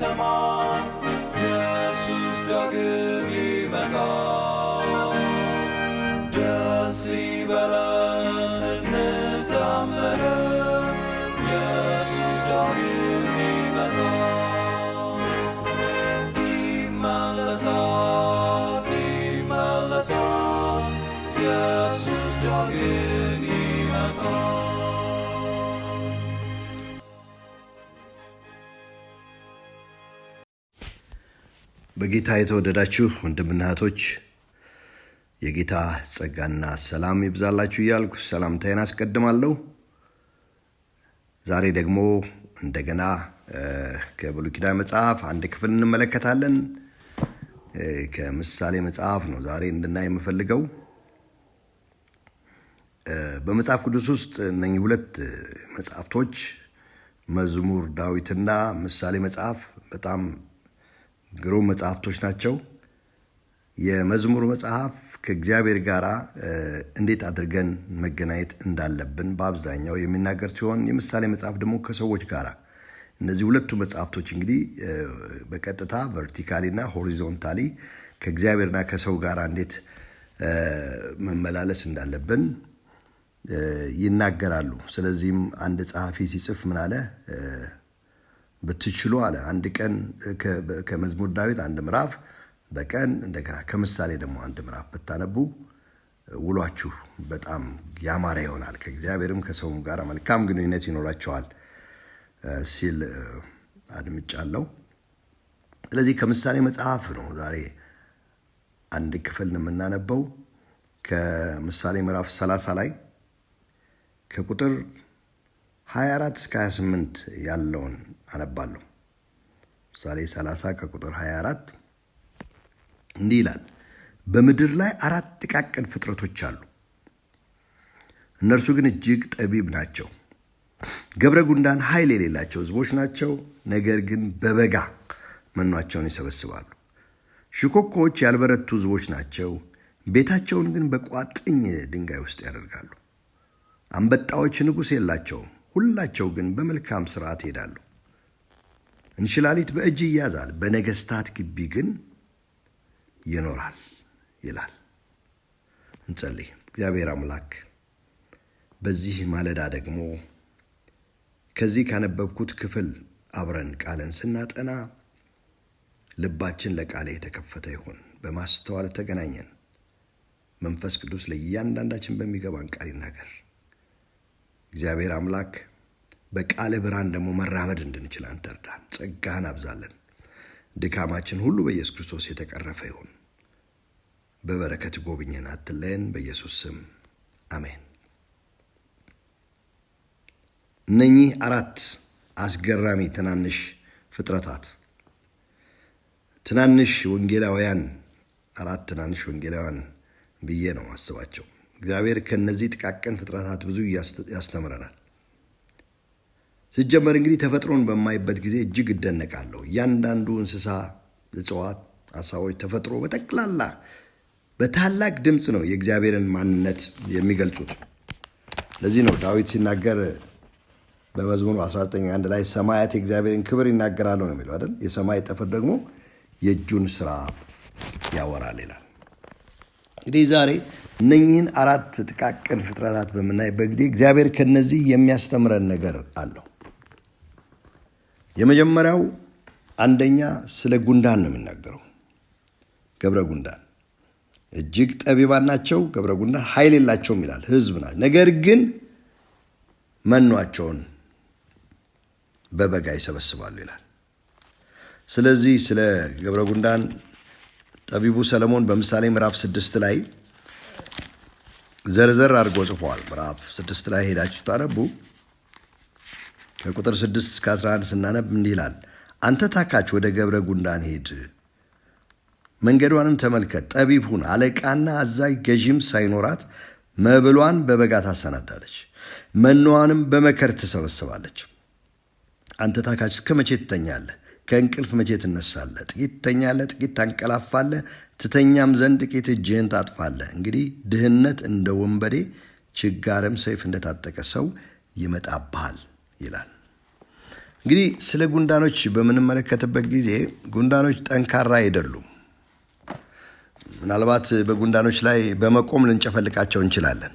on. በጌታ የተወደዳችሁ ወንድምና እህቶች የጌታ ጸጋና ሰላም ይብዛላችሁ እያልኩ ሰላምታዬን አስቀድማለሁ። ዛሬ ደግሞ እንደገና ከብሉይ ኪዳን መጽሐፍ አንድ ክፍል እንመለከታለን። ከምሳሌ መጽሐፍ ነው ዛሬ እንድናይ የምፈልገው። በመጽሐፍ ቅዱስ ውስጥ እነኚህ ሁለት መጽሐፍቶች መዝሙር ዳዊትና ምሳሌ መጽሐፍ በጣም ግሩም መጽሐፍቶች ናቸው። የመዝሙር መጽሐፍ ከእግዚአብሔር ጋር እንዴት አድርገን መገናኘት እንዳለብን በአብዛኛው የሚናገር ሲሆን የምሳሌ መጽሐፍ ደግሞ ከሰዎች ጋር እነዚህ ሁለቱ መጽሐፍቶች እንግዲህ በቀጥታ ቨርቲካሊና ሆሪዞንታሊ ከእግዚአብሔርና ከሰው ጋር እንዴት መመላለስ እንዳለብን ይናገራሉ። ስለዚህም አንድ ጸሐፊ ሲጽፍ ምን አለ? ብትችሉ አለ አንድ ቀን ከመዝሙር ዳዊት አንድ ምዕራፍ በቀን እንደገና ከምሳሌ ደግሞ አንድ ምዕራፍ ብታነቡ ውሏችሁ በጣም ያማረ ይሆናል፣ ከእግዚአብሔርም ከሰውም ጋር መልካም ግንኙነት ይኖራቸዋል ሲል አድምጫለሁ። ስለዚህ ከምሳሌ መጽሐፍ ነው ዛሬ አንድ ክፍል የምናነበው ከምሳሌ ምዕራፍ 30 ላይ ከቁጥር 24 እስከ 28 ያለውን አነባለሁ። ምሳሌ 30 ከቁጥር 24 እንዲህ ይላል፣ በምድር ላይ አራት ጥቃቅን ፍጥረቶች አሉ፣ እነርሱ ግን እጅግ ጠቢብ ናቸው። ገብረ ጉንዳን ኃይል የሌላቸው ህዝቦች ናቸው፣ ነገር ግን በበጋ መኗቸውን ይሰበስባሉ። ሽኮኮዎች ያልበረቱ ህዝቦች ናቸው፣ ቤታቸውን ግን በቋጥኝ ድንጋይ ውስጥ ያደርጋሉ። አንበጣዎች ንጉሥ የላቸውም፣ ሁላቸው ግን በመልካም ስርዓት ይሄዳሉ። እንሽላሊት በእጅ ይያዛል፣ በነገስታት ግቢ ግን ይኖራል ይላል። እንጸልይ። እግዚአብሔር አምላክ በዚህ ማለዳ ደግሞ ከዚህ ካነበብኩት ክፍል አብረን ቃልን ስናጠና ልባችን ለቃለ የተከፈተ ይሁን። በማስተዋል ተገናኘን። መንፈስ ቅዱስ ለእያንዳንዳችን በሚገባን ቃል ይናገር። እግዚአብሔር አምላክ በቃለ ብርሃን ደግሞ መራመድ እንድንችል አንተ እርዳን። ጸጋህን አብዛለን። ድካማችን ሁሉ በኢየሱስ ክርስቶስ የተቀረፈ ይሁን። በበረከት ጎብኝን፣ አትለየን። በኢየሱስ ስም አሜን። እነኚህ አራት አስገራሚ ትናንሽ ፍጥረታት ትናንሽ ወንጌላውያን አራት ትናንሽ ወንጌላውያን ብዬ ነው አስባቸው። እግዚአብሔር ከነዚህ ጥቃቅን ፍጥረታት ብዙ ያስተምረናል። ስጀመር እንግዲህ ተፈጥሮን በማይበት ጊዜ እጅግ እደነቃለሁ። እያንዳንዱ እንስሳ፣ እጽዋት፣ አሳዎች ተፈጥሮ በጠቅላላ በታላቅ ድምፅ ነው የእግዚአብሔርን ማንነት የሚገልጹት። ለዚህ ነው ዳዊት ሲናገር በመዝሙኑ 19 ላይ ሰማያት የእግዚአብሔርን ክብር ይናገራሉ ነው የሚለው አይደል? የሰማይ ጠፈር ደግሞ የእጁን ስራ ያወራል ይላል። እንግዲህ ዛሬ እነኚህን አራት ጥቃቅን ፍጥረታት በምናይበት ጊዜ እግዚአብሔር ከነዚህ የሚያስተምረን ነገር አለው። የመጀመሪያው አንደኛ ስለ ጉንዳን ነው የምናገረው። ገብረ ጉንዳን እጅግ ጠቢባን ናቸው። ገብረ ጉንዳን ኃይል የላቸውም ይላል ህዝብ ናቸው። ነገር ግን መኗቸውን በበጋ ይሰበስባሉ ይላል። ስለዚህ ስለ ገብረ ጉንዳን ጠቢቡ ሰለሞን በምሳሌ ምዕራፍ ስድስት ላይ ዘርዘር አድርጎ ጽፏል። ምዕራፍ ስድስት ላይ ሄዳችሁ ታነቡ ከቁጥር 6 እስከ 11 ስናነብ እንዲህ ይላል። አንተ ታካች ወደ ገብረ ጉንዳን ሄድ መንገዷንም ተመልከት። ጠቢብ ሁን፣ አለቃና አዛዥ ገዢም ሳይኖራት መብሏን በበጋ ታሰናዳለች፣ መኖዋንም በመከር ትሰበስባለች። አንተ ታካች እስከ መቼ ትተኛለህ? ከእንቅልፍ መቼ ትነሳለህ? ጥቂት ትተኛለህ፣ ጥቂት ታንቀላፋለህ፣ ትተኛም ዘንድ ጥቂት እጅህን ታጥፋለህ። እንግዲህ ድህነት እንደ ወንበዴ ችጋርም ሰይፍ እንደታጠቀ ሰው ይመጣብሃል ይላል። እንግዲህ ስለ ጉንዳኖች በምንመለከትበት ጊዜ ጉንዳኖች ጠንካራ አይደሉም። ምናልባት በጉንዳኖች ላይ በመቆም ልንጨፈልቃቸው እንችላለን።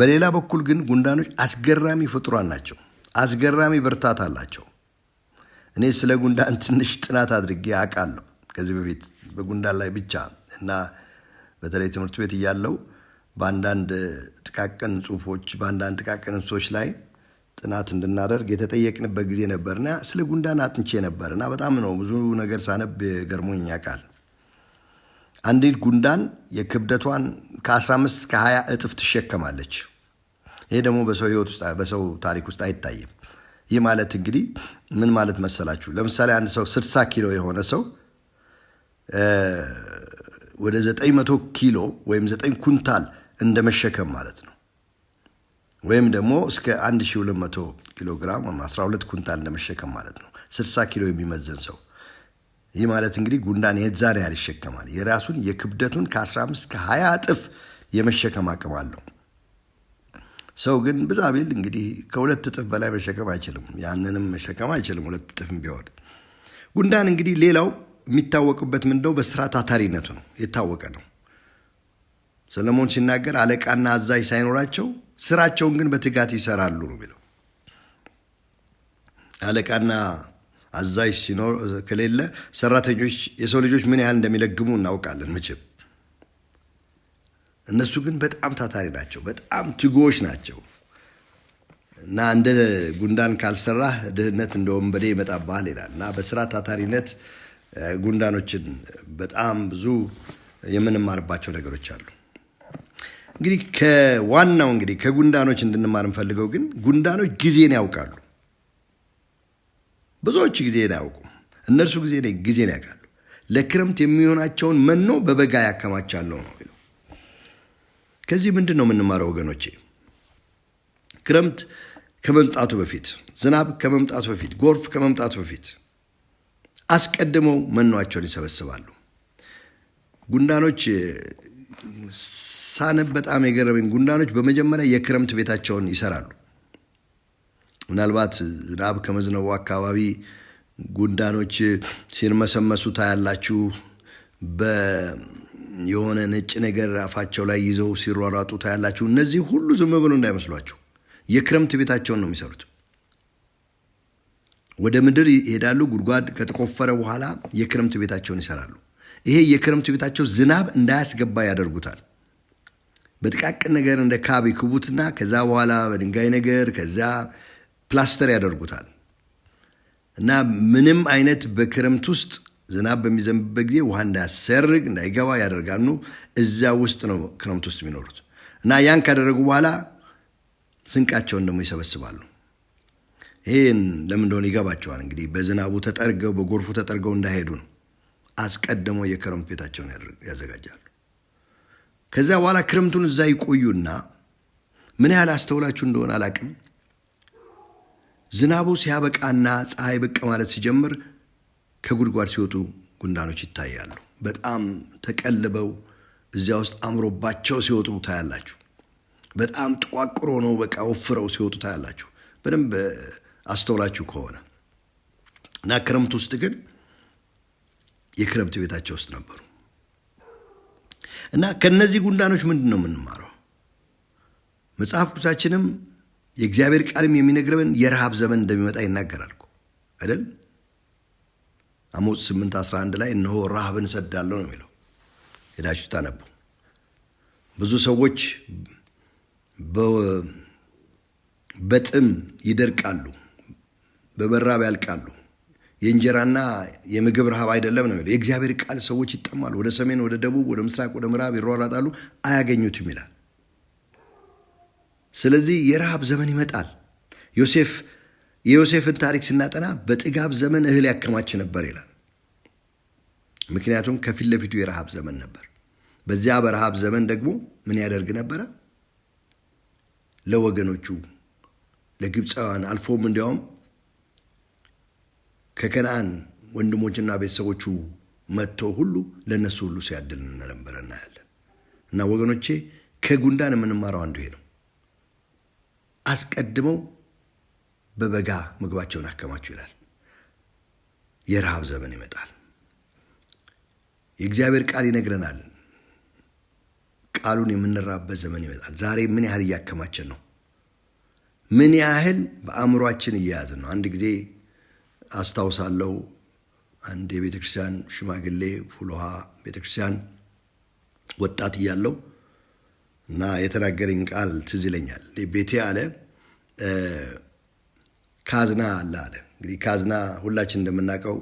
በሌላ በኩል ግን ጉንዳኖች አስገራሚ ፍጡራን ናቸው። አስገራሚ ብርታት አላቸው። እኔ ስለ ጉንዳን ትንሽ ጥናት አድርጌ አውቃለሁ ከዚህ በፊት በጉንዳን ላይ ብቻ እና በተለይ ትምህርት ቤት እያለው በአንዳንድ ጥቃቅን ጽሁፎች፣ በአንዳንድ ጥቃቅን እንስሶች ላይ ጥናት እንድናደርግ የተጠየቅንበት ጊዜ ነበርና ስለ ጉንዳን አጥንቼ ነበር እና በጣም ነው ብዙ ነገር ሳነብ ገርሞኝ ያውቃል። አንዲት ጉንዳን የክብደቷን ከ15 እስከ 20 እጥፍ ትሸከማለች። ይሄ ደግሞ በሰው ህይወት ውስጥ በሰው ታሪክ ውስጥ አይታይም። ይህ ማለት እንግዲህ ምን ማለት መሰላችሁ? ለምሳሌ አንድ ሰው 60 ኪሎ የሆነ ሰው ወደ 900 ኪሎ ወይም 9 ኩንታል እንደመሸከም ማለት ነው። ወይም ደግሞ እስከ 1200 ኪሎ ግራም 12 ኩንታል እንደመሸከም ማለት ነው። 60 ኪሎ የሚመዘን ሰው ይህ ማለት እንግዲህ ጉንዳን የዛን ያህል ይሸከማል። የራሱን የክብደቱን ከ15 ከ20 እጥፍ የመሸከም አቅም አለው። ሰው ግን ብዛ ቢል እንግዲህ ከሁለት እጥፍ በላይ መሸከም አይችልም። ያንንም መሸከም አይችልም፣ ሁለት እጥፍም ቢሆን። ጉንዳን እንግዲህ ሌላው የሚታወቅበት ምንድነው? በስራ ታታሪነቱ ነው፣ የታወቀ ነው። ሰለሞን ሲናገር አለቃና አዛዥ ሳይኖራቸው ስራቸውን ግን በትጋት ይሰራሉ ነው የሚለው። አለቃና አዛዥ ሲኖር ከሌለ ሰራተኞች የሰው ልጆች ምን ያህል እንደሚለግሙ እናውቃለን መቼም። እነሱ ግን በጣም ታታሪ ናቸው፣ በጣም ትጉዎች ናቸው። እና እንደ ጉንዳን ካልሰራህ ድህነት እንደ ወንበዴ ይመጣብሃል ይላል። እና በስራ ታታሪነት ጉንዳኖችን በጣም ብዙ የምንማርባቸው ነገሮች አሉ። እንግዲህ ከዋናው እንግዲህ ከጉንዳኖች እንድንማር እንፈልገው ግን ጉንዳኖች ጊዜን ያውቃሉ። ብዙዎች ጊዜን አያውቁም። እነርሱ ጊዜ ጊዜን ያውቃሉ። ለክረምት የሚሆናቸውን መኖ በበጋ ያከማቻለሁ ነው የሚለው። ከዚህ ምንድን ነው የምንማረው ወገኖቼ? ክረምት ከመምጣቱ በፊት፣ ዝናብ ከመምጣቱ በፊት፣ ጎርፍ ከመምጣቱ በፊት አስቀድመው መኖቸውን ይሰበስባሉ። ጉንዳኖች ሳነብ በጣም የገረመኝ ጉንዳኖች በመጀመሪያ የክረምት ቤታቸውን ይሰራሉ። ምናልባት ዝናብ ከመዝነቡ አካባቢ ጉንዳኖች ሲርመሰመሱ ታያላችሁ። የሆነ ነጭ ነገር አፋቸው ላይ ይዘው ሲሯሯጡ ታያላችሁ። እነዚህ ሁሉ ዝም ብሎ እንዳይመስሏችሁ የክረምት ቤታቸውን ነው የሚሰሩት። ወደ ምድር ይሄዳሉ። ጉድጓድ ከተቆፈረ በኋላ የክረምት ቤታቸውን ይሰራሉ። ይሄ የክረምቱ ቤታቸው ዝናብ እንዳያስገባ ያደርጉታል። በጥቃቅን ነገር እንደ ካብ ይክቡትና ከዛ በኋላ በድንጋይ ነገር ከዛ ፕላስተር ያደርጉታል እና ምንም አይነት በክረምት ውስጥ ዝናብ በሚዘንብበት ጊዜ ውሃ እንዳያሰርግ እንዳይገባ ያደርጋሉ። እዛ ውስጥ ነው ክረምት ውስጥ የሚኖሩት እና ያን ካደረጉ በኋላ ስንቃቸውን ደግሞ ይሰበስባሉ። ይህን ለምን እንደሆነ ይገባቸዋል። እንግዲህ በዝናቡ ተጠርገው በጎርፉ ተጠርገው እንዳይሄዱ ነው። አስቀድመው የክረምት ቤታቸውን ያዘጋጃሉ። ከዚያ በኋላ ክረምቱን እዛ ይቆዩና ምን ያህል አስተውላችሁ እንደሆነ አላቅም፣ ዝናቡ ሲያበቃና ፀሐይ ብቅ ማለት ሲጀምር ከጉድጓድ ሲወጡ ጉንዳኖች ይታያሉ። በጣም ተቀልበው እዚያ ውስጥ አምሮባቸው ሲወጡ ታያላችሁ። በጣም ጥቋቁሮ ነው በቃ ወፍረው ሲወጡ ታያላችሁ። በደንብ አስተውላችሁ ከሆነ እና ክረምት ውስጥ ግን የክረምት ቤታቸው ውስጥ ነበሩ። እና ከነዚህ ጉንዳኖች ምንድን ነው የምንማረው? መጽሐፍ ቅዱሳችንም የእግዚአብሔር ቃልም የሚነግረን የረሃብ ዘመን እንደሚመጣ ይናገራል እኮ አይደል? አሞጽ 8 11 ላይ እነሆ ረሃብን ሰዳለሁ ነው የሚለው። ሄዳችሁ ታነቡ። ብዙ ሰዎች በጥም ይደርቃሉ፣ በመራብ ያልቃሉ። የእንጀራና የምግብ ረሃብ አይደለም ነው የሚለው። የእግዚአብሔር ቃል ሰዎች ይጠማሉ፣ ወደ ሰሜን፣ ወደ ደቡብ፣ ወደ ምስራቅ፣ ወደ ምዕራብ ይሯሯጣሉ፣ አያገኙትም ይላል። ስለዚህ የረሃብ ዘመን ይመጣል። ዮሴፍ የዮሴፍን ታሪክ ስናጠና በጥጋብ ዘመን እህል ያከማች ነበር ይላል። ምክንያቱም ከፊት ለፊቱ የረሃብ ዘመን ነበር። በዚያ በረሃብ ዘመን ደግሞ ምን ያደርግ ነበረ? ለወገኖቹ ለግብፃውያን አልፎም እንዲያውም ከከነአን ወንድሞችና ቤተሰቦቹ መጥቶ ሁሉ ለእነሱ ሁሉ ሲያድል እንደነበረ እናያለን። እና ወገኖቼ ከጉንዳን የምንማረው አንዱ ይሄ ነው። አስቀድመው በበጋ ምግባቸውን አከማቸው ይላል። የረሃብ ዘመን ይመጣል። የእግዚአብሔር ቃል ይነግረናል። ቃሉን የምንራበት ዘመን ይመጣል። ዛሬ ምን ያህል እያከማችን ነው? ምን ያህል በአእምሯችን እየያዝን ነው? አንድ ጊዜ አስታውሳለሁ አንድ የቤተ ክርስቲያን ሽማግሌ ፉልሃ ቤተ ክርስቲያን ወጣት እያለሁ እና የተናገረኝ ቃል ትዝ ይለኛል። ቤቴ አለ ካዝና አለ አለ። እንግዲህ ካዝና ሁላችን እንደምናውቀው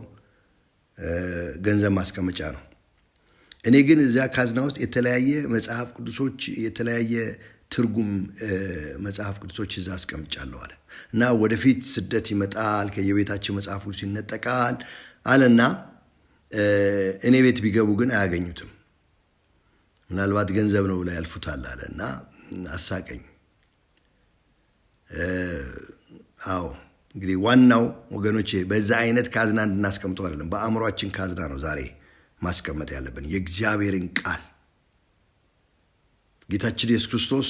ገንዘብ ማስቀመጫ ነው። እኔ ግን እዚያ ካዝና ውስጥ የተለያየ መጽሐፍ ቅዱሶች የተለያየ ትርጉም መጽሐፍ ቅዱሶች እዛ አስቀምጫለሁ አለ እና ወደፊት ስደት ይመጣል፣ ከየቤታቸው መጽሐፍ ቅዱስ ይነጠቃል አለና እኔ ቤት ቢገቡ ግን አያገኙትም። ምናልባት ገንዘብ ነው ብላ ያልፉታል አለ እና አሳቀኝ። አዎ እንግዲህ ዋናው ወገኖቼ በዛ አይነት ካዝና እንድናስቀምጠው አይደለም፣ በአእምሯችን ካዝና ነው ዛሬ ማስቀመጥ ያለብን የእግዚአብሔርን ቃል ጌታችን ኢየሱስ ክርስቶስ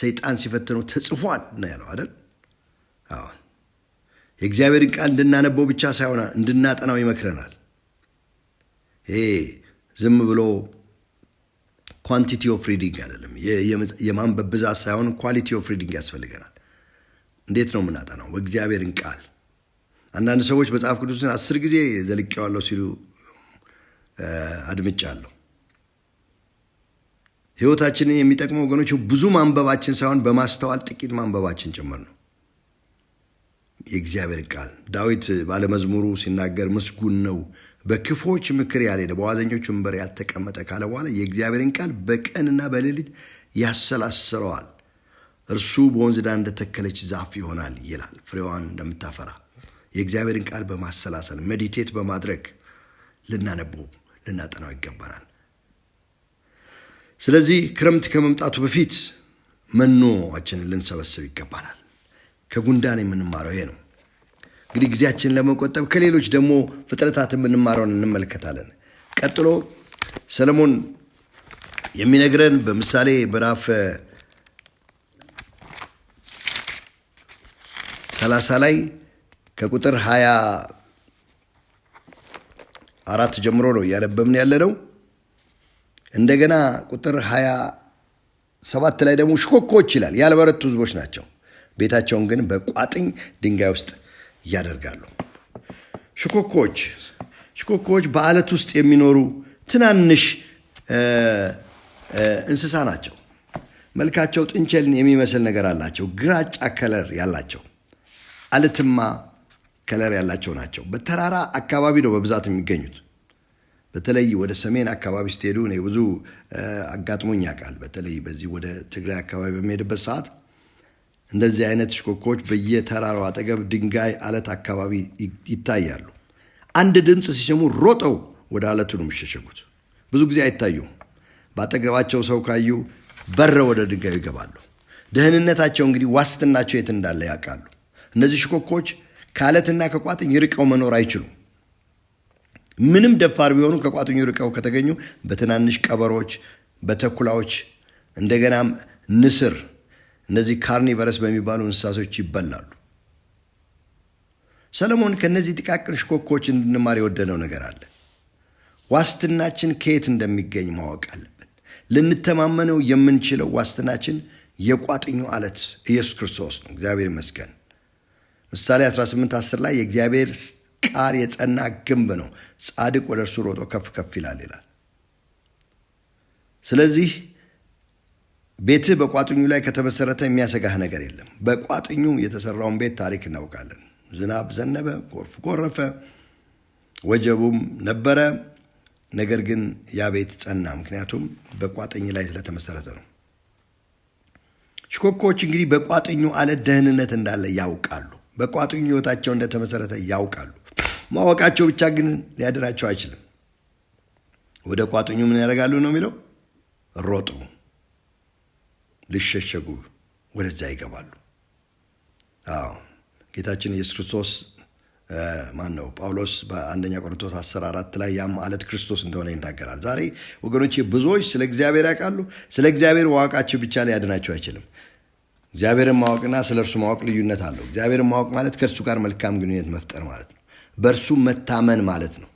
ሰይጣን ሲፈትነው ተጽፏል ነው ያለው አይደል? አዎ የእግዚአብሔርን ቃል እንድናነበው ብቻ ሳይሆን እንድናጠናው ይመክረናል። ይሄ ዝም ብሎ ኳንቲቲ ኦፍ ሪዲንግ አይደለም፣ የማንበብ ብዛት ሳይሆን ኳሊቲ ኦፍ ሪዲንግ ያስፈልገናል። እንዴት ነው የምናጠናው? በእግዚአብሔርን ቃል አንዳንድ ሰዎች መጽሐፍ ቅዱስን አስር ጊዜ ዘልቄዋለሁ ሲሉ አድምጫለሁ። ህይወታችንን የሚጠቅመው ወገኖች ብዙ ማንበባችን ሳይሆን በማስተዋል ጥቂት ማንበባችን ጭምር ነው። የእግዚአብሔር ቃል ዳዊት ባለመዝሙሩ ሲናገር ምስጉን ነው በክፎች ምክር ያልሄደ በዋዘኞች ወንበር ያልተቀመጠ ካለ በኋላ የእግዚአብሔርን ቃል በቀንና በሌሊት ያሰላስረዋል። እርሱ በወንዝ ዳር እንደተከለች ዛፍ ይሆናል ይላል፣ ፍሬዋን እንደምታፈራ። የእግዚአብሔርን ቃል በማሰላሰል ሜዲቴት በማድረግ ልናነበው ልናጠናው ይገባናል። ስለዚህ ክረምት ከመምጣቱ በፊት መኖችንን ልንሰበስብ ይገባናል። ከጉንዳን የምንማረው ይሄ ነው። እንግዲህ ጊዜያችንን ለመቆጠብ ከሌሎች ደግሞ ፍጥረታት የምንማረውን እንመለከታለን። ቀጥሎ ሰለሞን የሚነግረን በምሳሌ ምዕራፍ ሰላሳ ላይ ከቁጥር ሀያ አራት ጀምሮ ነው እያነበብን ያለ ነው። እንደገና ቁጥር 27 ሰባት ላይ ደግሞ ሽኮኮች ይላል ያልበረቱ ህዝቦች ናቸው። ቤታቸውን ግን በቋጥኝ ድንጋይ ውስጥ ያደርጋሉ። ሽኮኮች ሽኮኮች በአለት ውስጥ የሚኖሩ ትናንሽ እንስሳ ናቸው። መልካቸው ጥንቸልን የሚመስል ነገር አላቸው። ግራጫ ከለር ያላቸው አለትማ ከለር ያላቸው ናቸው። በተራራ አካባቢ ነው በብዛት የሚገኙት። በተለይ ወደ ሰሜን አካባቢ ስትሄዱ እኔ ብዙ አጋጥሞኝ ያውቃል። በተለይ በዚህ ወደ ትግራይ አካባቢ በሚሄድበት ሰዓት እንደዚህ አይነት ሽኮኮች በየተራራው አጠገብ ድንጋይ አለት አካባቢ ይታያሉ። አንድ ድምፅ ሲሰሙ ሮጠው ወደ አለቱ ነው የሚሸሸጉት። ብዙ ጊዜ አይታዩም። በአጠገባቸው ሰው ካዩ በረ ወደ ድንጋዩ ይገባሉ። ደህንነታቸው እንግዲህ ዋስትናቸው የት እንዳለ ያውቃሉ። እነዚህ ሽኮኮች ከአለትና ከቋጥኝ ርቀው መኖር አይችሉም። ምንም ደፋር ቢሆኑ ከቋጥኙ ርቀው ከተገኙ በትናንሽ ቀበሮች፣ በተኩላዎች እንደገናም ንስር፣ እነዚህ ካርኒቨረስ በሚባሉ እንስሳቶች ይበላሉ። ሰለሞን ከእነዚህ ጥቃቅን ሽኮኮች እንድንማር የወደደው ነገር አለ። ዋስትናችን ከየት እንደሚገኝ ማወቅ አለብን። ልንተማመነው የምንችለው ዋስትናችን የቋጥኙ አለት ኢየሱስ ክርስቶስ ነው። እግዚአብሔር ይመስገን። ምሳሌ 18 10 ላይ የእግዚአብሔር ቃል የጸና ግንብ ነው፣ ጻድቅ ወደ እርሱ ሮጦ ከፍ ከፍ ይላል ይላል። ስለዚህ ቤትህ በቋጥኙ ላይ ከተመሰረተ የሚያሰጋህ ነገር የለም። በቋጥኙ የተሰራውን ቤት ታሪክ እናውቃለን። ዝናብ ዘነበ፣ ጎርፍ ጎረፈ፣ ወጀቡም ነበረ። ነገር ግን ያ ቤት ጸና፣ ምክንያቱም በቋጥኝ ላይ ስለተመሰረተ ነው። ሽኮኮዎች እንግዲህ በቋጥኙ አለት ደህንነት እንዳለ ያውቃሉ። በቋጥኙ ህይወታቸው እንደተመሰረተ ያውቃሉ። ማወቃቸው ብቻ ግን ሊያድናቸው አይችልም። ወደ ቋጥኙ ምን ያደርጋሉ ነው የሚለው? ሮጡ፣ ሊሸሸጉ ወደዛ ይገባሉ። አዎ ጌታችን ኢየሱስ ክርስቶስ ማን ነው ጳውሎስ በአንደኛ ቆሮንቶስ 14 ላይ ያም አለት ክርስቶስ እንደሆነ ይናገራል። ዛሬ ወገኖች ብዙዎች ስለ እግዚአብሔር ያውቃሉ። ስለ እግዚአብሔር ማወቃቸው ብቻ ሊያድናቸው አይችልም። እግዚአብሔርን ማወቅና ስለ እርሱ ማወቅ ልዩነት አለው። እግዚአብሔርን ማወቅ ማለት ከእርሱ ጋር መልካም ግንኙነት መፍጠር ማለት ነው። በእርሱ መታመን ማለት ነው።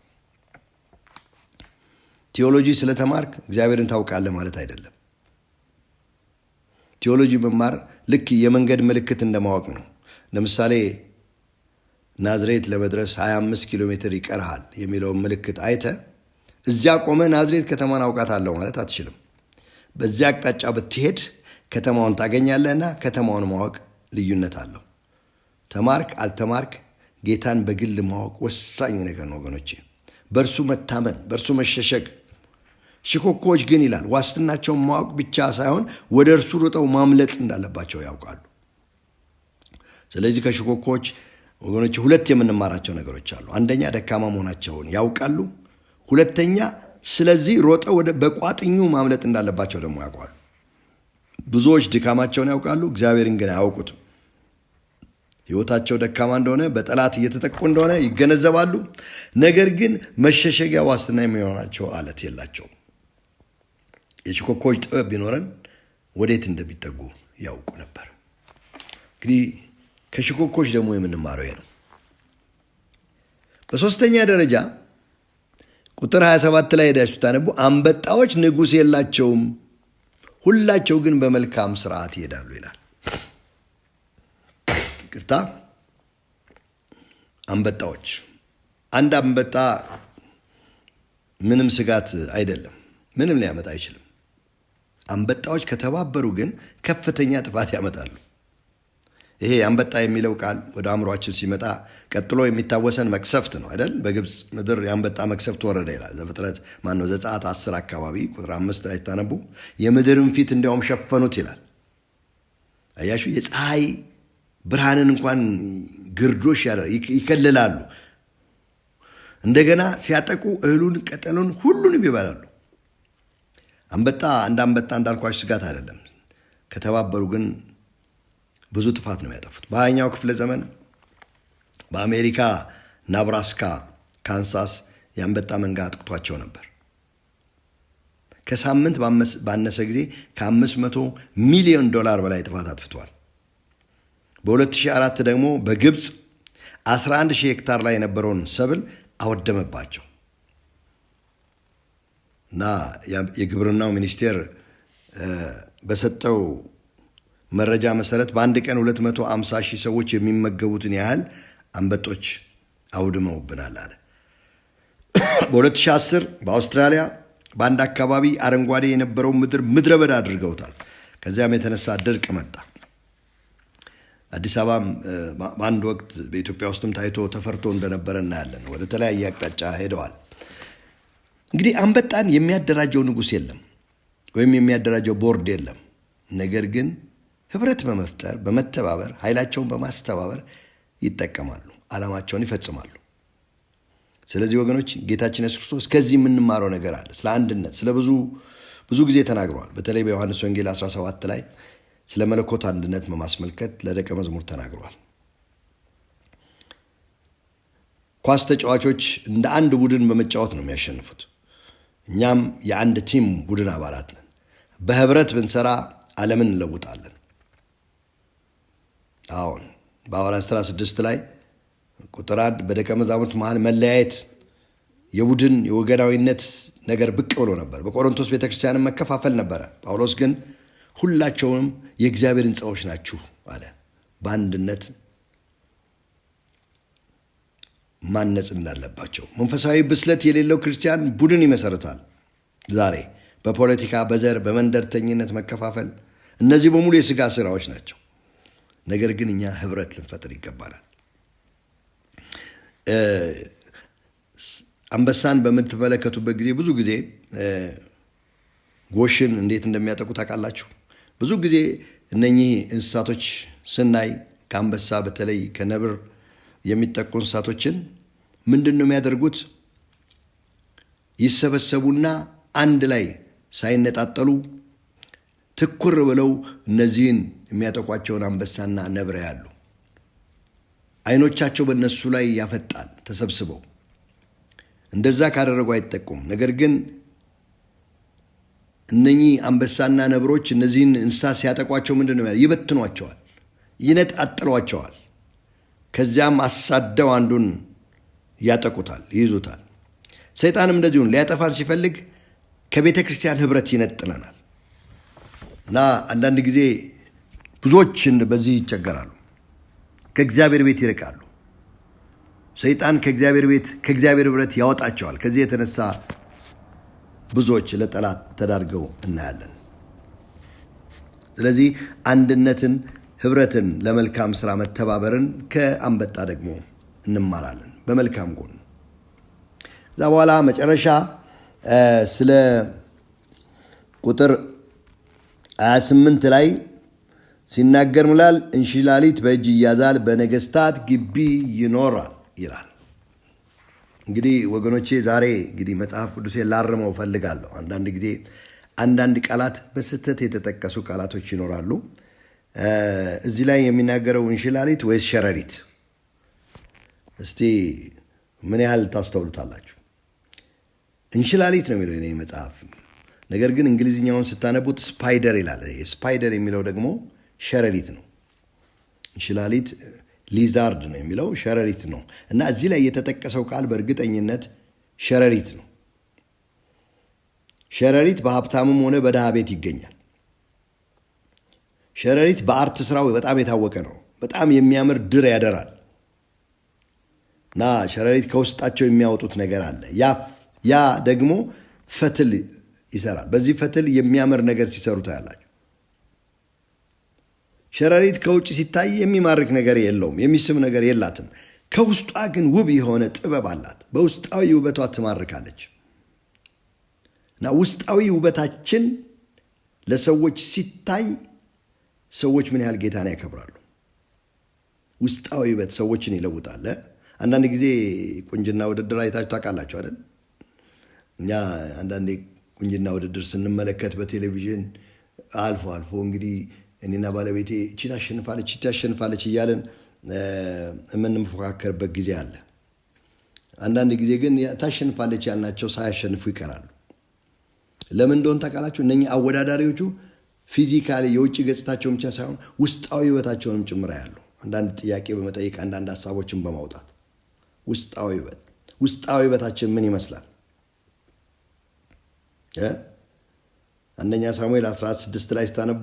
ቴዎሎጂ ስለተማርክ እግዚአብሔርን ታውቃለህ ማለት አይደለም። ቴዎሎጂ መማር ልክ የመንገድ ምልክት እንደማወቅ ነው። ለምሳሌ ናዝሬት ለመድረስ 25 ኪሎ ሜትር ይቀርሃል የሚለውን ምልክት አይተ እዚያ ቆመ ናዝሬት ከተማን አውቃታለሁ ማለት አትችልም። በዚያ አቅጣጫ ብትሄድ ከተማውን ታገኛለህና ከተማውን ማወቅ ልዩነት አለው። ተማርክ አልተማርክ ጌታን በግል ማወቅ ወሳኝ ነገር ነው ወገኖቼ። በእርሱ መታመን፣ በእርሱ መሸሸግ። ሽኮኮዎች ግን ይላል ዋስትናቸውን ማወቅ ብቻ ሳይሆን ወደ እርሱ ሮጠው ማምለጥ እንዳለባቸው ያውቃሉ። ስለዚህ ከሽኮኮዎች ወገኖች ሁለት የምንማራቸው ነገሮች አሉ። አንደኛ ደካማ መሆናቸውን ያውቃሉ። ሁለተኛ ስለዚህ ሮጠው ወደ በቋጥኙ ማምለጥ እንዳለባቸው ደግሞ ያውቃሉ። ብዙዎች ድካማቸውን ያውቃሉ፣ እግዚአብሔርን ግን አያውቁትም። ሕይወታቸው ደካማ እንደሆነ በጠላት እየተጠቁ እንደሆነ ይገነዘባሉ። ነገር ግን መሸሸጊያ ዋስትና የሚሆናቸው አለት የላቸው የሽኮኮች ጥበብ ቢኖረን ወዴት እንደሚጠጉ ያውቁ ነበር። እንግዲህ ከሽኮኮች ደግሞ የምንማረው ነው። በሶስተኛ ደረጃ ቁጥር 27 ላይ ሄዳችሁ ታነቡ። አንበጣዎች ንጉሥ የላቸውም፣ ሁላቸው ግን በመልካም ስርዓት ይሄዳሉ ይላል። ይቅርታ፣ አንበጣዎች። አንድ አንበጣ ምንም ስጋት አይደለም፣ ምንም ሊያመጣ አይችልም። አንበጣዎች ከተባበሩ ግን ከፍተኛ ጥፋት ያመጣሉ። ይሄ አንበጣ የሚለው ቃል ወደ አእምሯችን ሲመጣ ቀጥሎ የሚታወሰን መቅሰፍት ነው አይደል? በግብፅ ምድር የአንበጣ መቅሰፍት ወረደ ይላል ዘፍጥረት ማነው ዘጸአት አስር አካባቢ ቁጥር አምስት ላይ ታነቡ። የምድርን ፊት እንዲያውም ሸፈኑት ይላል። አያሹ የፀሐይ ብርሃንን እንኳን ግርዶሽ ይከልላሉ። እንደገና ሲያጠቁ እህሉን፣ ቅጠሉን ሁሉንም ይበላሉ። አንበጣ እንደ አንበጣ እንዳልኳችሁ ስጋት አይደለም። ከተባበሩ ግን ብዙ ጥፋት ነው ያጠፉት። በሀያኛው ክፍለ ዘመን በአሜሪካ ናብራስካ፣ ካንሳስ የአንበጣ መንጋ አጥቅቷቸው ነበር። ከሳምንት ባነሰ ጊዜ ከአምስት መቶ ሚሊዮን ዶላር በላይ ጥፋት አጥፍተዋል። በ2004 ደግሞ በግብፅ 11 ሺህ ሄክታር ላይ የነበረውን ሰብል አወደመባቸው እና የግብርናው ሚኒስቴር በሰጠው መረጃ መሰረት በአንድ ቀን 250 ሺህ ሰዎች የሚመገቡትን ያህል አንበጦች አውድመውብናል አለ። በ2010 በአውስትራሊያ በአንድ አካባቢ አረንጓዴ የነበረው ምድር ምድረ በዳ አድርገውታል። ከዚያም የተነሳ ድርቅ መጣ። አዲስ አበባም በአንድ ወቅት በኢትዮጵያ ውስጥም ታይቶ ተፈርቶ እንደነበረ እናያለን። ወደ ተለያየ አቅጣጫ ሄደዋል። እንግዲህ አንበጣን የሚያደራጀው ንጉስ የለም ወይም የሚያደራጀው ቦርድ የለም። ነገር ግን ህብረት በመፍጠር በመተባበር ኃይላቸውን በማስተባበር ይጠቀማሉ፣ ዓላማቸውን ይፈጽማሉ። ስለዚህ ወገኖች ጌታችን ኢየሱስ ክርስቶስ ከዚህ የምንማረው ነገር አለ። ስለ አንድነት ስለ ብዙ ብዙ ጊዜ ተናግረዋል። በተለይ በዮሐንስ ወንጌል 17 ላይ ስለ መለኮት አንድነት በማስመልከት ለደቀ መዝሙር ተናግሯል። ኳስ ተጫዋቾች እንደ አንድ ቡድን በመጫወት ነው የሚያሸንፉት። እኛም የአንድ ቲም ቡድን አባላት ነን። በህብረት ብንሰራ ዓለምን እንለውጣለን። አሁን በሐዋርያት ሥራ ስድስት ላይ ቁጥር አንድ በደቀ መዛሙርት መሃል መለያየት የቡድን የወገናዊነት ነገር ብቅ ብሎ ነበር። በቆሮንቶስ ቤተክርስቲያንም መከፋፈል ነበረ። ጳውሎስ ግን ሁላቸውም የእግዚአብሔር ሕንፃዎች ናችሁ አለ። በአንድነት ማነጽ እንዳለባቸው መንፈሳዊ ብስለት የሌለው ክርስቲያን ቡድን ይመሰርታል። ዛሬ በፖለቲካ፣ በዘር፣ በመንደርተኝነት መከፋፈል፣ እነዚህ በሙሉ የስጋ ስራዎች ናቸው። ነገር ግን እኛ ህብረት ልንፈጥር ይገባናል። አንበሳን በምትመለከቱበት ጊዜ ብዙ ጊዜ ጎሽን እንዴት እንደሚያጠቁ ታውቃላችሁ? ብዙ ጊዜ እነኚህ እንስሳቶች ስናይ ከአንበሳ በተለይ ከነብር የሚጠቁ እንስሳቶችን ምንድን ነው የሚያደርጉት? ይሰበሰቡና አንድ ላይ ሳይነጣጠሉ ትኩር ብለው እነዚህን የሚያጠቋቸውን አንበሳና ነብር ያሉ አይኖቻቸው በእነሱ ላይ ያፈጣል ተሰብስበው። እንደዛ ካደረጉ አይጠቁም። ነገር ግን እነኚህ አንበሳና ነብሮች እነዚህን እንስሳ ሲያጠቋቸው ምንድን ነው ይበትኗቸዋል፣ ይነጣጥሏቸዋል። ከዚያም አሳደው አንዱን ያጠቁታል፣ ይይዙታል። ሰይጣንም እንደዚሁን ሊያጠፋን ሲፈልግ ከቤተ ክርስቲያን ህብረት ይነጥለናል እና አንዳንድ ጊዜ ብዙዎችን በዚህ ይቸገራሉ። ከእግዚአብሔር ቤት ይርቃሉ። ሰይጣን ከእግዚአብሔር ቤት ከእግዚአብሔር ህብረት ያወጣቸዋል። ከዚህ የተነሳ ብዙዎች ለጠላት ተዳርገው እናያለን። ስለዚህ አንድነትን፣ ህብረትን፣ ለመልካም ስራ መተባበርን ከአንበጣ ደግሞ እንማራለን በመልካም ጎን። ከዛ በኋላ መጨረሻ ስለ ቁጥር 28 ላይ ሲናገር ምላል እንሽላሊት በእጅ ይያዛል፣ በነገስታት ግቢ ይኖራል ይላል። እንግዲህ ወገኖቼ ዛሬ እንግዲህ መጽሐፍ ቅዱሴ ላርመው ፈልጋለሁ አንዳንድ ጊዜ አንዳንድ ቃላት በስህተት የተጠቀሱ ቃላቶች ይኖራሉ። እዚህ ላይ የሚናገረው እንሽላሊት ወይስ ሸረሪት? እስቲ ምን ያህል ታስተውሉታላችሁ? እንሽላሊት ነው የሚለው መጽሐፍ። ነገር ግን እንግሊዝኛውን ስታነቡት ስፓይደር ይላል። ስፓይደር የሚለው ደግሞ ሸረሪት ነው። እንሽላሊት ሊዛርድ ነው የሚለው ሸረሪት ነው እና እዚህ ላይ የተጠቀሰው ቃል በእርግጠኝነት ሸረሪት ነው። ሸረሪት በሀብታምም ሆነ በድሃ ቤት ይገኛል። ሸረሪት በአርት ስራው በጣም የታወቀ ነው። በጣም የሚያምር ድር ያደራል እና ሸረሪት ከውስጣቸው የሚያወጡት ነገር አለ። ያ ደግሞ ፈትል ይሰራል። በዚህ ፈትል የሚያምር ነገር ሲሰሩ ታያላቸው። ሸረሪት ከውጭ ሲታይ የሚማርክ ነገር የለውም፣ የሚስብ ነገር የላትም። ከውስጧ ግን ውብ የሆነ ጥበብ አላት። በውስጣዊ ውበቷ ትማርካለች እና ውስጣዊ ውበታችን ለሰዎች ሲታይ ሰዎች ምን ያህል ጌታን ያከብራሉ። ውስጣዊ ውበት ሰዎችን ይለውጣል። አንዳንድ ጊዜ ቁንጅና ውድድር አይታችሁ ታውቃላችሁ አይደል? እኛ አንዳንዴ ቁንጅና ውድድር ስንመለከት በቴሌቪዥን አልፎ አልፎ እንግዲህ እኔና ባለቤቴ እቺ ታሸንፋለች፣ እቺ ታሸንፋለች እያለን የምንፎካከርበት ጊዜ አለ። አንዳንድ ጊዜ ግን ታሸንፋለች ያልናቸው ሳያሸንፉ ይቀራሉ። ለምን እንደሆን ታውቃላችሁ? እነኚህ አወዳዳሪዎቹ ፊዚካሊ የውጭ ገጽታቸውን ብቻ ሳይሆን ውስጣዊ ሕይወታቸውንም ጭምር ያሉ አንዳንድ ጥያቄ በመጠየቅ አንዳንድ ሀሳቦችን በማውጣት ውስጣዊ ሕይወት ውስጣዊ ሕይወታችን ምን ይመስላል? አንደኛ ሳሙኤል 16 ላይ ስታነቡ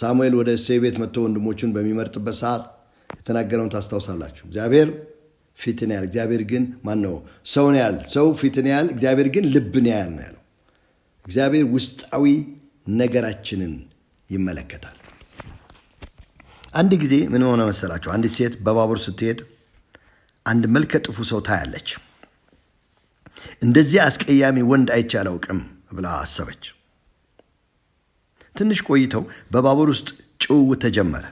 ሳሙኤል ወደ እሴ ቤት መጥቶ ወንድሞቹን በሚመርጥበት ሰዓት የተናገረውን ታስታውሳላችሁ። እግዚአብሔር ፊትን ያህል እግዚአብሔር ግን ማን ነው? ሰውን ያህል ሰው ፊትን ያህል እግዚአብሔር ግን ልብን ያህል ነው ያለው። እግዚአብሔር ውስጣዊ ነገራችንን ይመለከታል። አንድ ጊዜ ምን ሆነ መሰላችሁ? አንዲት ሴት በባቡር ስትሄድ አንድ መልከ ጥፉ ሰው ታያለች። እንደዚህ አስቀያሚ ወንድ አይቼ አላውቅም ብላ አሰበች። ትንሽ ቆይተው በባቡር ውስጥ ጭውውት ተጀመረ።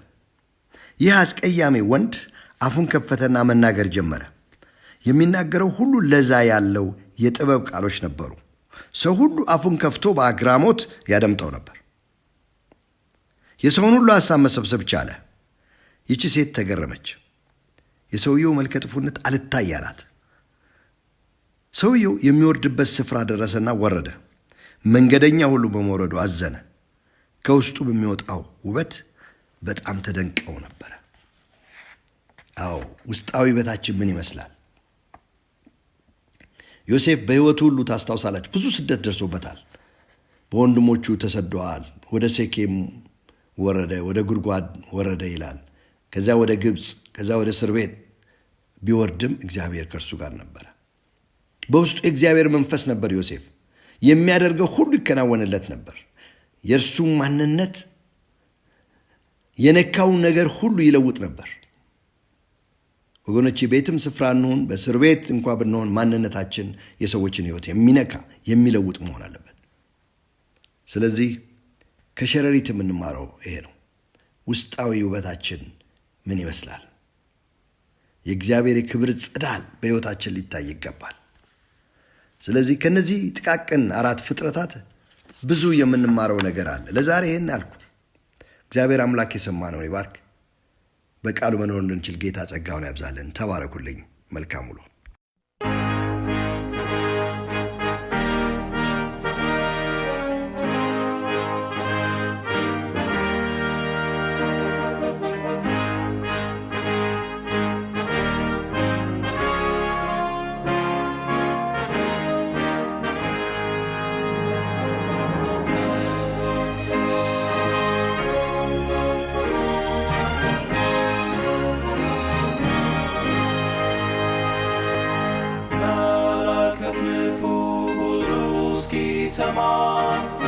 ይህ አስቀያሜ ወንድ አፉን ከፈተና መናገር ጀመረ። የሚናገረው ሁሉ ለዛ ያለው የጥበብ ቃሎች ነበሩ። ሰው ሁሉ አፉን ከፍቶ በአግራሞት ያደምጠው ነበር። የሰውን ሁሉ ሐሳብ መሰብሰብ ቻለ። ይቺ ሴት ተገረመች። የሰውየው መልከ ጥፉነት አልታይ አላት። ሰውየው የሚወርድበት ስፍራ ደረሰና ወረደ። መንገደኛ ሁሉ በመውረዱ አዘነ። ከውስጡ በሚወጣው ውበት በጣም ተደንቀው ነበረ። አዎ ውስጣዊ በታችን ምን ይመስላል? ዮሴፍ በሕይወቱ ሁሉ ታስታውሳላችሁ፣ ብዙ ስደት ደርሶበታል። በወንድሞቹ ተሰደዋል። ወደ ሴኬም ወረደ፣ ወደ ጉድጓድ ወረደ ይላል። ከዚያ ወደ ግብፅ፣ ከዚያ ወደ እስር ቤት ቢወርድም እግዚአብሔር ከእርሱ ጋር ነበረ። በውስጡ የእግዚአብሔር መንፈስ ነበር። ዮሴፍ የሚያደርገው ሁሉ ይከናወንለት ነበር። የእርሱም ማንነት የነካውን ነገር ሁሉ ይለውጥ ነበር። ወገኖች ቤትም ስፍራ እንሆን፣ በእስር ቤት እንኳ ብንሆን ማንነታችን የሰዎችን ሕይወት የሚነካ የሚለውጥ መሆን አለበት። ስለዚህ ከሸረሪት የምንማረው ይሄ ነው። ውስጣዊ ውበታችን ምን ይመስላል? የእግዚአብሔር የክብር ጽዳል በሕይወታችን ሊታይ ይገባል። ስለዚህ ከነዚህ ጥቃቅን አራት ፍጥረታት ብዙ የምንማረው ነገር አለ። ለዛሬ ይህን አልኩ። እግዚአብሔር አምላክ የሰማ ነው ይባርክ። በቃሉ መኖር እንድንችል ጌታ ጸጋውን ያብዛልን። ተባረኩልኝ። መልካም ውሎ more.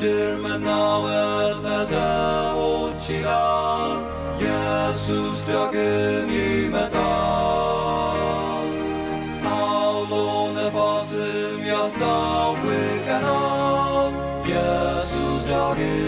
dir men navet nesa o tilan Jesus mi metal Aulo ne fasim ja Jezus we mi metal